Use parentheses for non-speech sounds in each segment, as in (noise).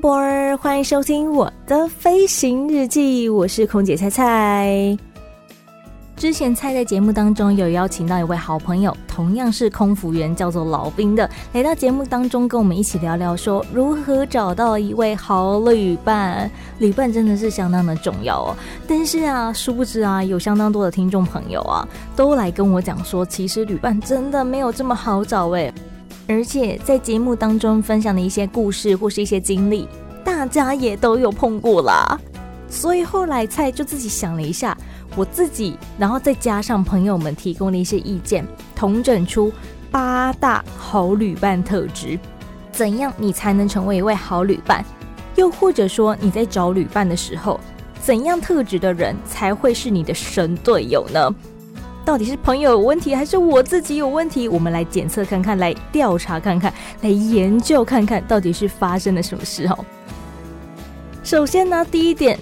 歡迎收聽我的飛行日記，我是空姐菜菜。之前菜在節目當中有邀請到一位好朋友，同樣是空服員，叫做老兵的，來到節目當中跟我們一起聊聊，說如何找到一位好旅伴。旅伴真的是相當的重要哦。但是啊，殊不知啊，有相當多的聽眾朋友啊，都來跟我講說，其實旅伴真的沒有這麼好找哎、欸。而且在節目當中分享的一些故事或是一些經歷，大家也都有碰過啦。所以後來菜就自己想了一下，我自己，然後再加上朋友們提供的一些意見，統整出八大好旅伴特質。怎樣你才能成為一位好旅伴？又或者說你在找旅伴的時候，怎樣特質的人才會是你的神隊友呢？到底是朋友有問題，還是我自己有問題？我們來檢測看看，來調查看看，來研究看看，到底是發生了什麼事？哦，首先呢，第一點。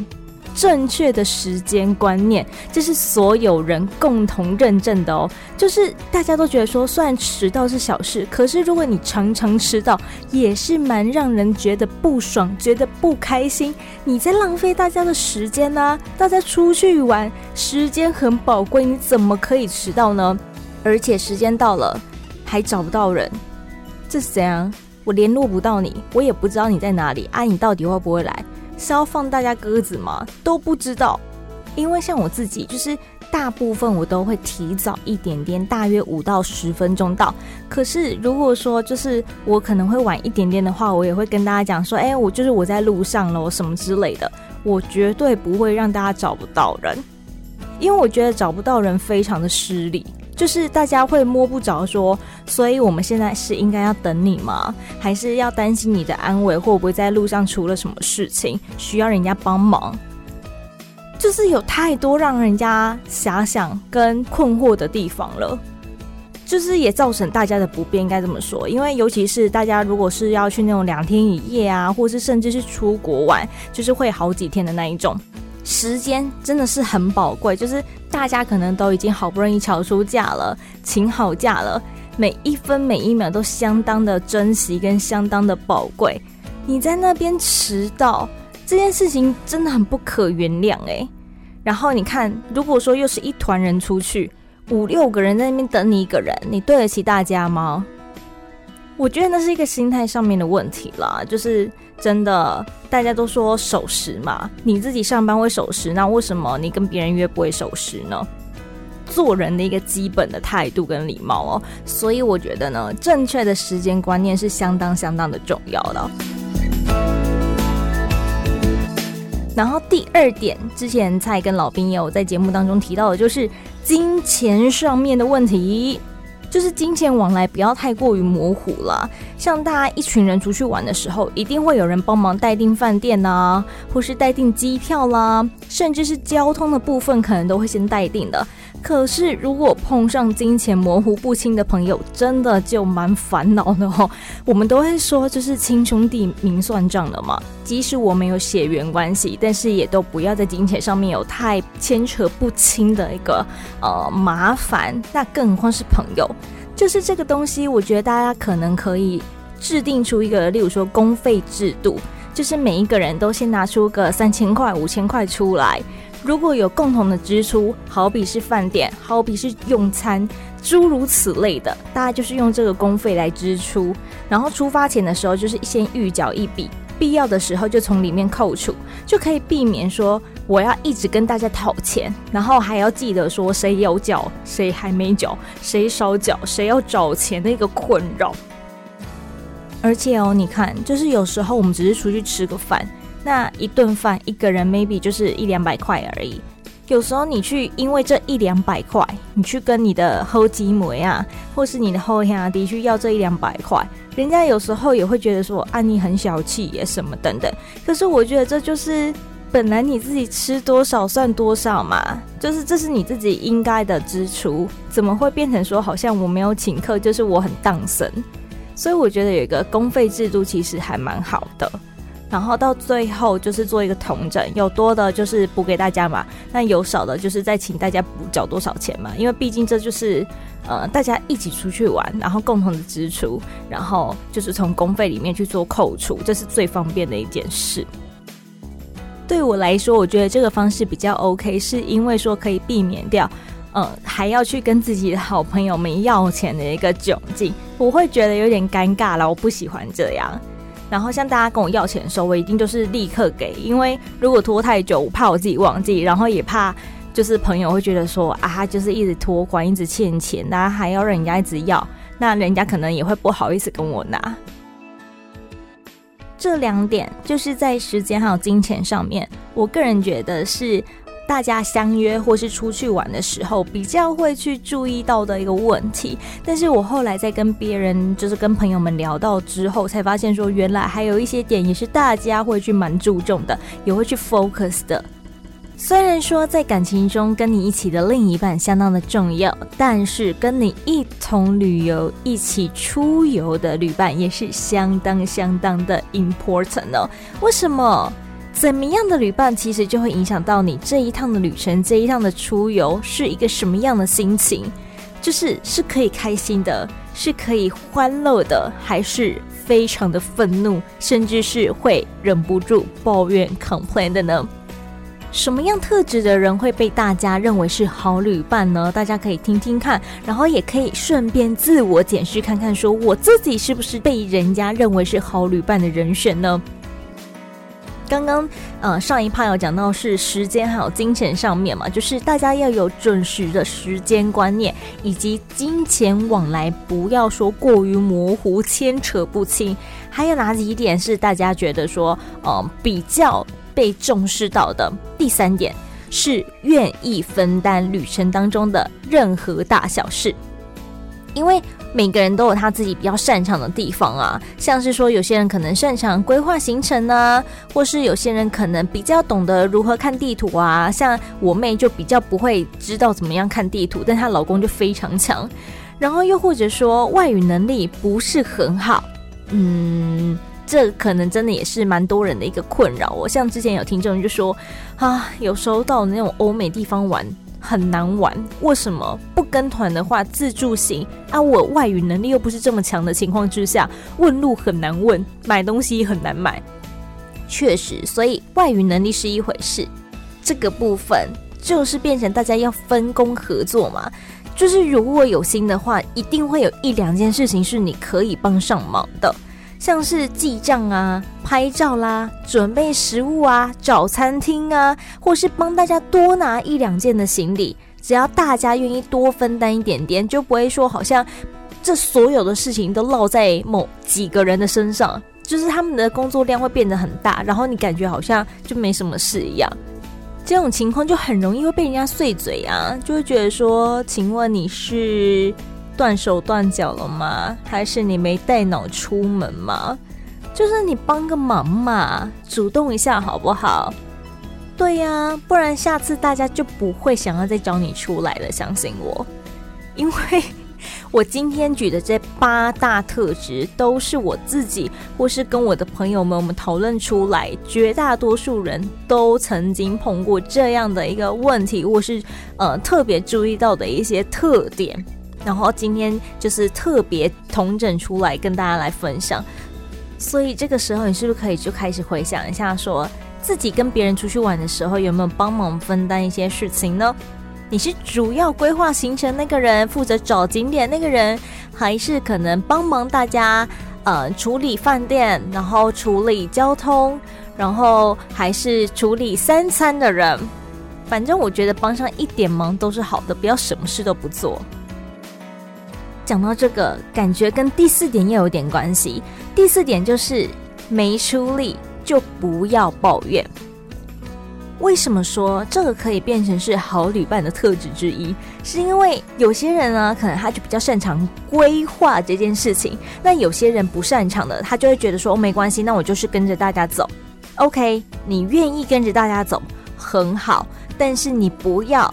正確的時間觀念，這是所有人共同認證的哦。就是大家都覺得說，雖然遲到是小事，可是如果你常常遲到，也是蠻讓人覺得不爽、覺得不開心。你在浪費大家的時間呢、啊，大家出去玩，時間很寶貴，你怎麼可以遲到呢？而且時間到了還找不到人，這誰啊？我聯絡不到你，我也不知道你在哪裡啊？你到底會不會來？是要放大家鴿子嗎？都不知道，因為像我自己，就是大部分我都會提早一點點，大約五到十分鐘到。可是如果說就是我可能會晚一點點的話，我也會跟大家講說，哎、欸，我就是我在路上了，我什麼之類的，我絕對不會讓大家找不到人，因為我覺得找不到人非常的失禮。就是大家會摸不着說，所以我們現在是應該要等你嗎？還是要擔心你的安危，會不會在路上出了什麼事情需要人家幫忙？就是有太多讓人家遐想跟困惑的地方了，就是也造成大家的不便，應該這麼說。因為尤其是大家如果是要去那種兩天一夜啊，或是甚至是出國玩，就是會好幾天的那一種。時間真的是很寶貴，就是大家可能都已經好不容易喬出假了，請好假了，每一分每一秒都相當的珍惜跟相當的寶貴。你在那邊遲到這件事情真的很不可原諒哎、欸。然後你看，如果說又是一團人出去，五六個人在那邊等你一個人，你對得起大家嗎？我覺得那是一個心態上面的問題啦，就是。真的，大家都說守時嘛，你自己上班會守時，那為什麼你跟別人約不會守時呢？做人的一個基本的態度跟禮貌哦，所以我覺得呢，正確的時間觀念是相當相當的重要的。然後第二點，之前菜跟老兵也有在節目當中提到的，就是金錢上面的問題。就是金錢往來不要太過於模糊了，像大家一群人出去玩的時候，一定會有人幫忙代訂飯店吶、啊，或是代訂機票啦，甚至是交通的部分，可能都會先代訂的。可是，如果碰上金錢模糊不清的朋友，真的就蠻煩惱的哦。我們都會說，就是親兄弟明算賬的嘛。即使我們有血緣關係，但是也都不要在金錢上面有太牽扯不清的一個呃麻煩。那更何況是朋友，就是這個東西，我覺得大家可能可以制定出一個，例如說公費制度，就是每一個人都先拿出個三千塊、五千塊出來。如果有共同的支出，好比是飯店，好比是用餐，諸如此類的，大家就是用這個公費來支出。然後出發前的時候，就是先預繳一筆，必要的時候就從裡面扣除，就可以避免說我要一直跟大家討錢，然後還要記得說誰有繳、誰還沒繳、誰少繳、誰要找錢的一個困擾。而且哦，你看，就是有時候我們只是出去吃個飯。那一頓飯，一個人 maybe 就是一兩百塊而已。有時候你去，因為這一兩百塊，你去跟你的好姐妹啊，或是你的好兄弟啊，去要這一兩百塊。人家有時候也會覺得說，啊，你很小氣耶，什麼等等。可是我覺得這就是本來你自己吃多少算多少嘛，就是這是你自己應該的支出，怎麼會變成說好像我沒有請客，就是我很當神？所以我覺得有一個公費制度其實還蠻好的。然後到最後就是做一個統整，有多的就是補給大家嘛，那有少的就是再請大家補繳多少錢嘛，因為畢竟這就是呃大家一起出去玩，然後共同的支出，然後就是從公費裡面去做扣除，這是最方便的一件事。對我來說，我覺得這個方式比較 OK，是因為說可以避免掉，呃，還要去跟自己的好朋友們要錢的一個窘境，我會覺得有點尷尬啦，我不喜歡這樣。然後像大家跟我要錢的時候，我一定就是立刻給，因為如果拖太久，我怕我自己忘記，然後也怕就是朋友會覺得說啊，就是一直拖款，一直欠錢，那還要讓人家一直要，那人家可能也會不好意思跟我拿。這兩點就是在時間還有金錢上面，我個人覺得是大家相約或是出去玩的時候，比較會去注意到的一個問題。但是我後來在跟別人，就是跟朋友們聊到之後，才發現說，原來還有一些點也是大家會去蠻注重的，也會去 focus 的。雖然說在感情中跟你一起的另一半相當的重要，但是跟你一同旅遊、一起出遊的旅伴也是相當相當的 important 哦。為什麼？怎麼樣的旅伴，其實就會影響到你這一趟的旅程，這一趟的出遊是一個什麼樣的心情？就是是可以開心的，是可以歡樂的，還是非常的憤怒，甚至是會忍不住抱怨、complain 的呢？什麼樣特質的人會被大家認為是好旅伴呢？大家可以聽聽看，然後也可以順便自我檢視看看，說我自己是不是被人家認為是好旅伴的人選呢？剛剛，呃，上一趴有講到是時間還有金錢上面嘛，就是大家要有準時的時間觀念，以及金錢往來不要說過於模糊、牽扯不清。還有哪幾點是大家覺得說，嗯、呃、比較被重視到的？第三點是願意分擔旅程當中的任何大小事。因為每個人都有他自己比較擅長的地方啊，像是說有些人可能擅長規劃行程啊，或是有些人可能比較懂得如何看地圖啊。像我妹就比較不會知道怎麼樣看地圖，但她老公就非常強。然後又或者說外語能力不是很好，嗯，這可能真的也是蠻多人的一個困擾哦。我像之前有聽眾就說啊，有時候到那種歐美地方玩。很難玩，為什麼不跟團的話，自助行？啊，我外語能力又不是這麼強的情況之下，問路很難問，買東西很難買。確實，所以外語能力是一回事，這個部分就是變成大家要分工合作嘛，就是如果有心的話，一定會有一兩件事情是你可以幫上忙的。像是記賬啊、拍照啦、準備食物啊、找餐廳啊，或是幫大家多拿一兩件的行李，只要大家願意多分擔一點點，就不會說好像這所有的事情都落在某幾個人的身上，就是他們的工作量會變得很大，然後你感覺好像就沒什麼事一樣，這種情況就很容易會被人家碎嘴啊，就會覺得說，請問你是？斷手斷腳了嗎？還是你沒帶腦出門嗎？就是你幫個忙嘛，主動一下好不好？對呀，啊，不然下次大家就不會想要再找你出來了。相信我，因為我今天舉的這八大特質，都是我自己或是跟我的朋友們我們討論出來，絕大多數人都曾經碰過這樣的一個問題，或是呃特別注意到的一些特點。然後今天就是特別統整出來跟大家來分享，所以這個時候你是不是可以就開始回想一下，說自己跟別人出去玩的時候有沒有幫忙分擔一些事情呢？你是主要規劃行程那個人，負責找景點那個人，還是可能幫忙大家呃處理飯店，然後處理交通，然後還是處理三餐的人？反正我覺得幫上一點忙都是好的，不要什麼事都不做。講到這個，感覺跟第四點又有點關係。第四點就是沒出力就不要抱怨。為什麼說這個可以變成是好旅伴的特質之一？是因為有些人呢，可能他就比較擅長規劃這件事情；那有些人不擅長的，他就會覺得說，哦，沒關係，那我就是跟着大家走。OK，你願意跟着大家走很好，但是你不要。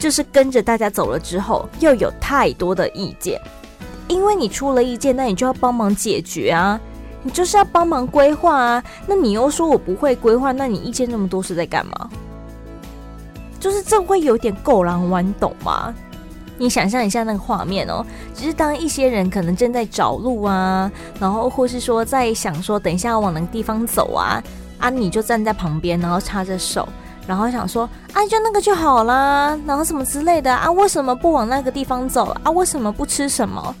就是跟着大家走了之後，又有太多的意見，因為你出了意見，那你就要幫忙解決啊，你就是要幫忙規劃啊，那你又說我不會規劃，那你意見那麼多是在幹嘛？就是這會有點顧人怨，懂嗎？你想象一下那個畫面哦、喔，只是當一些人可能正在找路啊，然後或是說在想說等一下要往哪個地方走啊，啊你就站在旁邊，然後插着手。然後想說，哎、啊，就那個就好啦，然後什麼之類的啊，為什麼不往那個地方走啊？為什麼不吃什麼？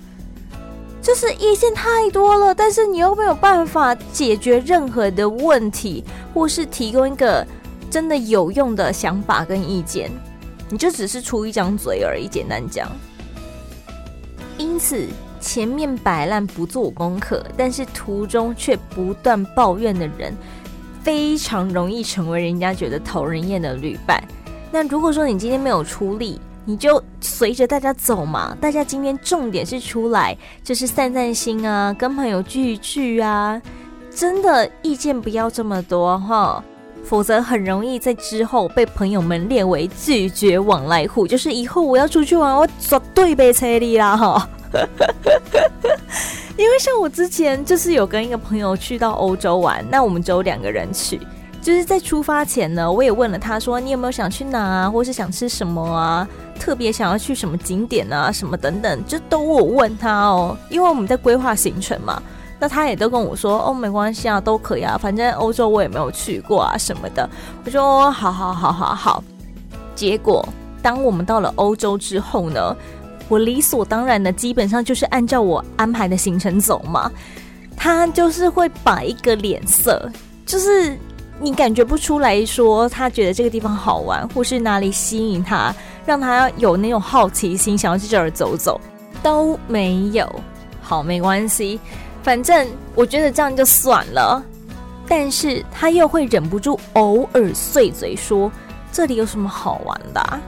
就是意見太多了，但是你又沒有辦法解決任何的問題，或是提供一個真的有用的想法跟意見，你就只是出一張嘴而已。簡單講，因此前面擺爛不做功課，但是途中卻不斷抱怨的人。非常容易成為人家覺得討人厭的旅伴。那如果說你今天沒有出力，你就隨着大家走嘛。大家今天重點是出來，就是散散心啊，跟朋友聚一聚啊。真的意見不要這麼多哈，否則很容易在之後被朋友們列為拒絕往來戶。就是以後我要出去玩，我絕對背車裡啦哈。 (laughs) 因為像我之前就是有跟一個朋友去到歐洲玩，那我們只有兩個人去，就是在出發前呢，我也問了他說，你有沒有想去哪啊？或是想吃什麼啊？特別想要去什麼景點啊，什麼等等，就都我問他哦，因為我們在規劃行程嘛，那他也都跟我說哦，沒關係啊，都可以啊，反正歐洲我也沒有去過啊什麼的，我說好好好好好，結果當我們到了歐洲之後呢。我理所當然的，基本上就是按照我安排的行程走嘛。他就是會擺一個臉色，就是你感覺不出來說他覺得這個地方好玩，或是哪裡吸引他，讓他有那種好奇心，想要去這兒走走，都沒有。好，沒關係，反正我覺得這樣就算了。但是他又會忍不住偶爾碎嘴說：“這裡有什麼好玩的啊？”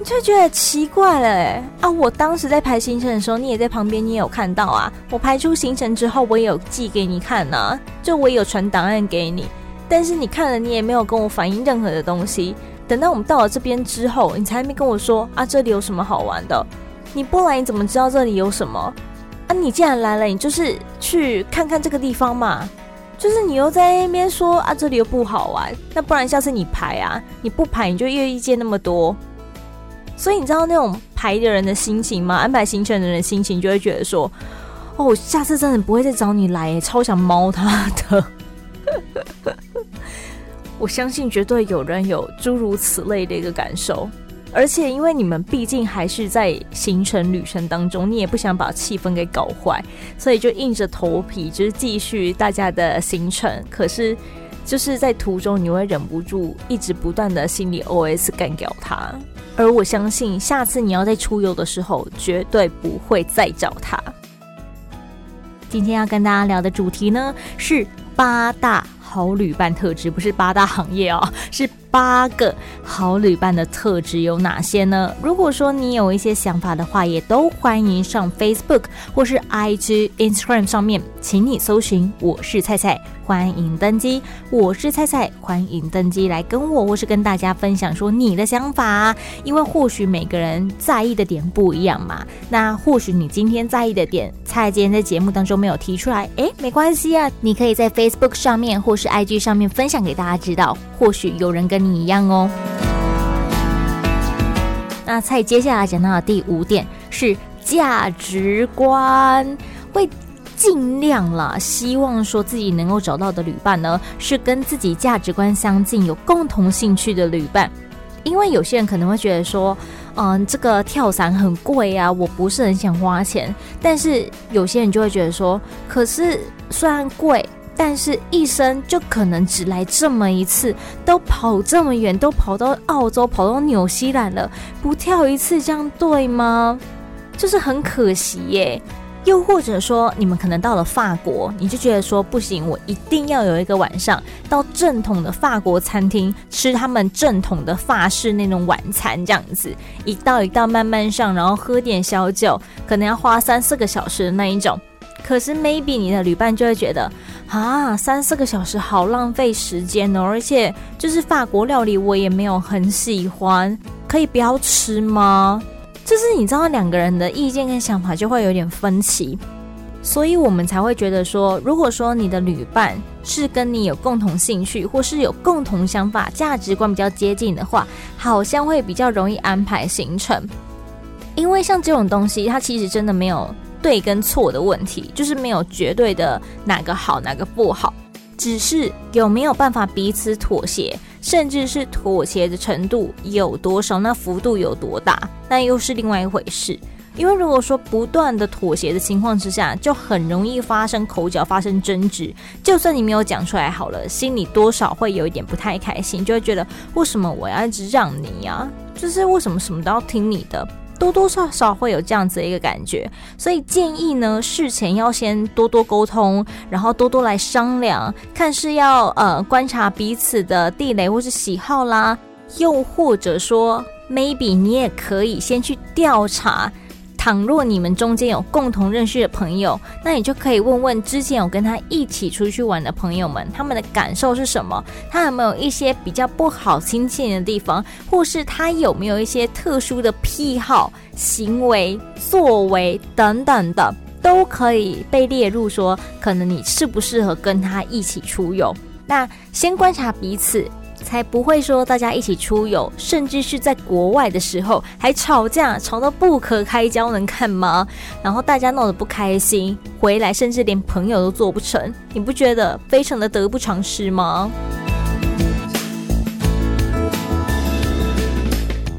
你就覺得奇怪了哎、欸、啊！我當時在排行程的時候，你也在旁邊，你也有看到啊。我排出行程之後，我也有寄給你看呢、啊，就我也有傳檔案給你。但是你看了，你也沒有跟我反映任何的東西。等到我們到了這邊之後，你才沒跟我說啊，這裡有什麼好玩的？你不來你怎麼知道這裡有什麼？啊，你既然來了，你就是去看看這個地方嘛。就是你又在那邊說啊，這裡又不好玩。那不然下次你排啊，你不排你就越意見那麼多。所以你知道那種排的人的心情嗎？安排行程的人的心情，就會覺得說：“哦，下次真的不會再找你來、欸，超想貓他的。 (laughs) ”我相信絕對有人有諸如此類的一個感受。而且因為你們畢竟還是在行程旅程當中，你也不想把氣氛給搞壞，所以就硬着頭皮，就是繼續大家的行程。可是就是在途中，你會忍不住一直不斷的心裡 OS 幹掉他。而我相信，下次你要再出遊的時候，絕對不會再找他。今天要跟大家聊的主題呢，是八大好旅伴特質，不是八大行業哦，是。八個好旅伴的特質有哪些呢？如果說你有一些想法的話，也都歡迎上 Facebook 或是 IG、Instagram 上面，請你搜尋“我是菜菜”，歡迎登機。我是菜菜，歡迎登機，來跟我或是跟大家分享說你的想法啊，因為或許每個人在意的點不一樣嘛。那或許你今天在意的點，菜今天在節目當中沒有提出來，誒，沒關係啊，你可以在 Facebook 上面或是 IG 上面分享給大家知道，或許有人跟。你一樣哦。那菜接下來講到的第五點是價值觀，會盡量啦，希望說自己能夠找到的旅伴呢，是跟自己價值觀相近、有共同興趣的旅伴。因為有些人可能會覺得說，嗯、呃，這個跳傘很貴啊，我不是很想花錢。但是有些人就會覺得說，可是雖然貴。但是一生就可能只來這麼一次，都跑這麼遠，都跑到澳洲，跑到紐西蘭了，不跳一次，這樣對嗎？就是很可惜耶。又或者說，你們可能到了法國，你就覺得說不行，我一定要有一個晚上到正統的法國餐廳吃他們正統的法式那種晚餐，這樣子一道一道慢慢上，然後喝點小酒，可能要花三四個小時的那一種。可是 maybe 你的旅伴就會覺得。啊，三四個小時好浪費時間哦！而且就是法國料理，我也沒有很喜歡，可以不要吃嗎？就是你知道，兩個人的意見跟想法就會有點分歧，所以我們才會覺得說，如果說你的旅伴是跟你有共同興趣，或是有共同想法、價值觀比較接近的話，好像會比較容易安排行程，因為像這種東西，它其實真的沒有。對跟錯的問題，就是沒有絕對的哪個好哪個不好，只是有沒有辦法彼此妥協，甚至是妥協的程度有多少，那幅度有多大，那又是另外一回事。因為如果說不斷的妥協的情況之下，就很容易發生口角，發生爭執。就算你沒有講出來好了，心裡多少會有一點不太開心，就會覺得為什麼我要一直讓你啊？就是為什麼什麼都要聽你的？多多少少會有這樣子的一個感覺，所以建議呢，事前要先多多溝通，然後多多來商量，看是要呃觀察彼此的地雷或是喜好啦，又或者說，Maybe 你也可以先去調查。倘若你們中間有共同認識的朋友，那你就可以問問之前有跟他一起出去玩的朋友們，他們的感受是什麼？他有沒有一些比較不好親近的地方，或是他有沒有一些特殊的癖好、行為、作為等等的，都可以被列入說，可能你適不適合跟他一起出遊？那先觀察彼此。才不會說大家一起出遊，甚至是在國外的時候還吵架，吵到不可開交，能看嗎？然後大家鬧得不開心，回來甚至連朋友都做不成，你不覺得非常的得不償失嗎？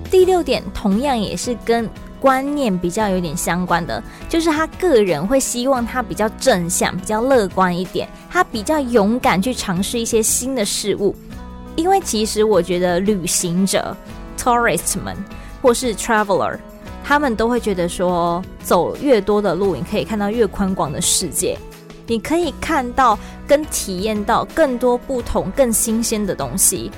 第六點，同樣也是跟觀念比較有點相關的，就是他個人會希望他比較正向、比較樂觀一點，他比較勇敢去嘗試一些新的事物。因為其實我覺得旅，旅行者 tourist 們或是 traveler，他們都會覺得說，走越多的路，你可以看到越寬廣的世界，你可以看到跟體驗到更多不同、更新鮮的東西。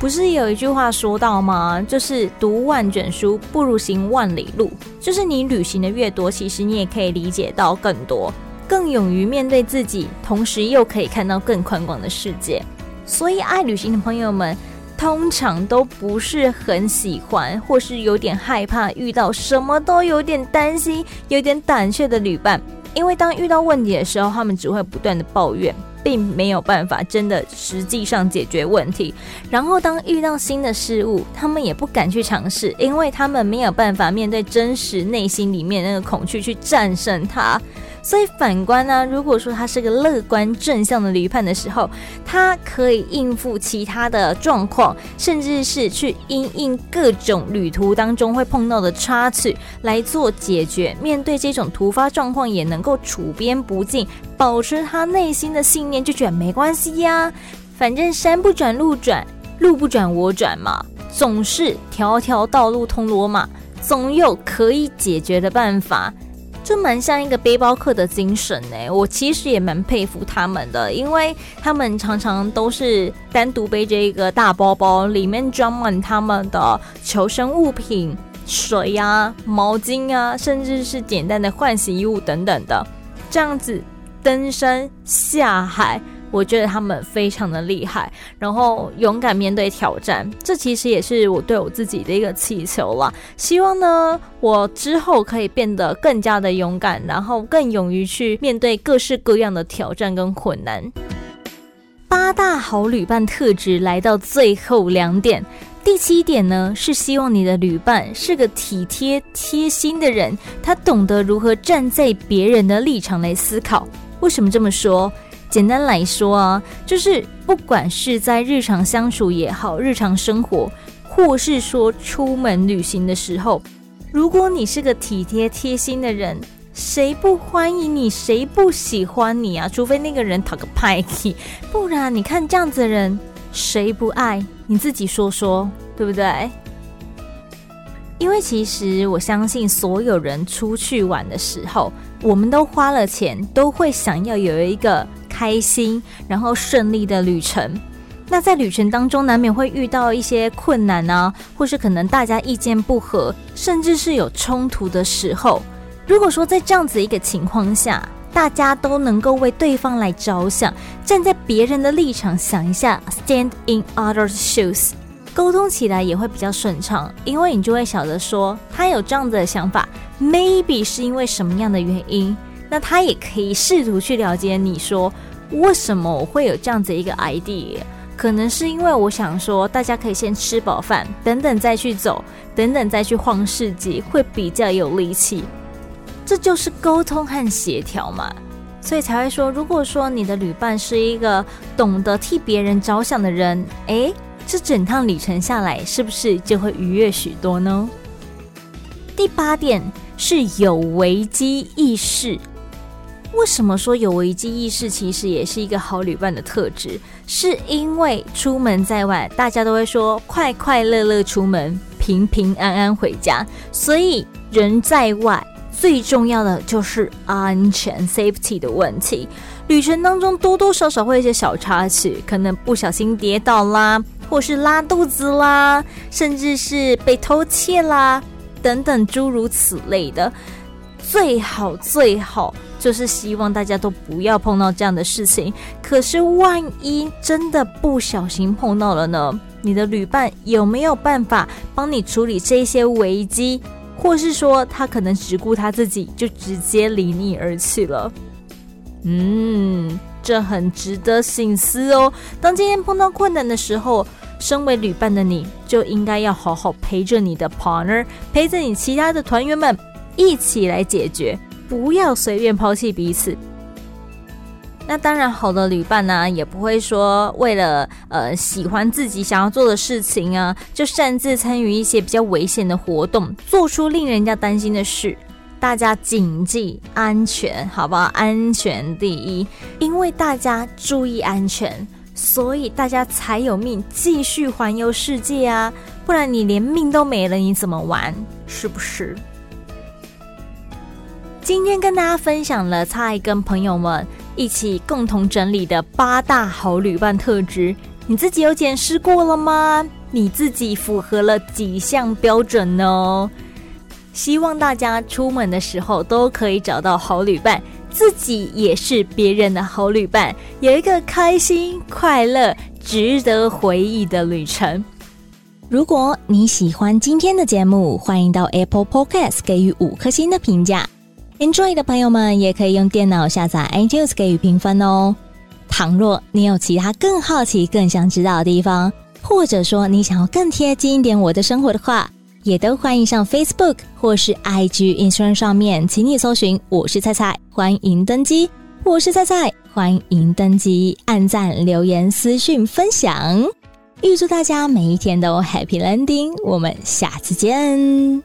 不是有一句話說到嗎？就是“讀萬卷書不如行萬里路”。就是你旅行的越多，其實你也可以理解到更多，更勇於面對自己，同時又可以看到更寬廣的世界。所以，愛旅行的朋友們通常都不是很喜歡，或是有點害怕遇到什麼都有點擔心，有點膽怯的旅伴。因為當遇到問題的時候，他們只會不斷的抱怨，並沒有辦法真的實際上解決問題。然後，當遇到新的事物，他們也不敢去嘗試，因為他們沒有辦法面對真實內心裡面那個恐懼去戰勝它。所以反觀呢、啊，如果說他是個樂觀正向的旅伴的時候，他可以應付其他的狀況，甚至是去因應各種旅途當中會碰到的差池來做解決。面對這種突發狀況，也能夠處變不驚，保持他內心的信念，就覺得沒關係呀、啊。反正山不轉路轉，路不轉我轉嘛。總是條條道路通羅馬，總有可以解決的辦法。這蠻像一個背包客的精神呢，我其實也蠻佩服他們的，因為他們常常都是單獨背着一個大包包，裡面裝滿他們的求生物品、水啊、毛巾啊，甚至是簡單的換洗衣物等等的，這樣子登山下海。我覺得他們非常的厲害，然後勇敢面對挑戰，這其實也是我對我自己的一個祈求了。希望呢，我之後可以變得更加的勇敢，然後更勇於去面對各式各樣的挑戰跟困難。八大好旅伴特質來到最後兩點，第七點呢，是希望你的旅伴是個體貼貼心的人，他懂得如何站在別人的立場來思考。為什麼這麼說？簡單來說啊，就是不管是在日常相處也好，日常生活，或是說出門旅行的時候，如果你是個體貼貼心的人，誰不歡迎你，誰不喜歡你啊？除非那個人討個派氣，不然你看這樣子的人，誰不愛？你自己說說，對不對？因為其實我相信，所有人出去玩的時候，我們都花了錢，都會想要有一個。開心，然後順利的旅程。那在旅程當中，難免會遇到一些困難啊，或是可能大家意見不合，甚至是有衝突的時候。如果說在這樣子一個情況下，大家都能夠為對方來着想，站在別人的立場想一下，stand in other's shoes，溝通起來也會比較順暢，因為你就會曉得說，他有這樣子的想法，maybe 是因為什麼樣的原因，那他也可以試圖去了解你說。為什麼我會有這樣子一個 idea？可能是因為我想說，大家可以先吃飽飯，等等再去走，等等再去晃世界，會比較有力氣。這就是溝通和協調嘛，所以才會說，如果說你的旅伴是一個懂得替別人着想的人，哎，這整趟旅程下來，是不是就會愉悅許多呢？第八點是有危機意識。為什麼說有危機意識其實也是一個好旅伴的特質？是因為出門在外，大家都會說“快快樂樂出門，平平安安回家”。所以人在外最重要的就是安全 （safety） 的問題。旅程當中多多少少會有些小插曲，可能不小心跌倒啦，或是拉肚子啦，甚至是被偷竊啦等等諸如此類的，最好最好。就是希望大家都不要碰到這樣的事情。可是萬一真的不小心碰到了呢？你的旅伴有沒有辦法幫你處理這些危機？或是說他可能只顧他自己，就直接離你而去了？嗯，這很值得省思哦。當今天碰到困難的時候，身為旅伴的你就應該要好好陪着你的 partner，陪着你其他的團員們一起來解決。不要隨便拋棄彼此。那當然，好的旅伴呢、啊，也不會說為了呃喜歡自己想要做的事情啊，就擅自參與一些比較危險的活動，做出令人家擔心的事。大家謹記安全，好不好？安全第一，因為大家注意安全，所以大家才有命繼續環遊世界啊！不然你連命都沒了，你怎麼玩？是不是？今天跟大家分享了菜跟朋友們一起共同整理的八大好旅伴特質，你自己有檢視過了嗎？你自己符合了幾項標準呢、哦？希望大家出門的時候都可以找到好旅伴，自己也是別人的好旅伴，有一個開心、快樂、值得回憶的旅程。如果你喜歡今天的節目，歡迎到 Apple Podcast 給予五顆星的評價。Enjoy 的朋友們也可以用電腦下載 iTunes 給予評分哦。倘若你有其他更好奇、更想知道的地方，或者說你想要更貼近一點我的生活的話，也都歡迎上 Facebook 或是 IG Instagram 上面，請你搜尋“我是菜菜”，歡迎登機。我是菜菜，歡迎登機。按讚、留言、私訊、分享，預祝大家每一天都 Happy Landing。我們下次見。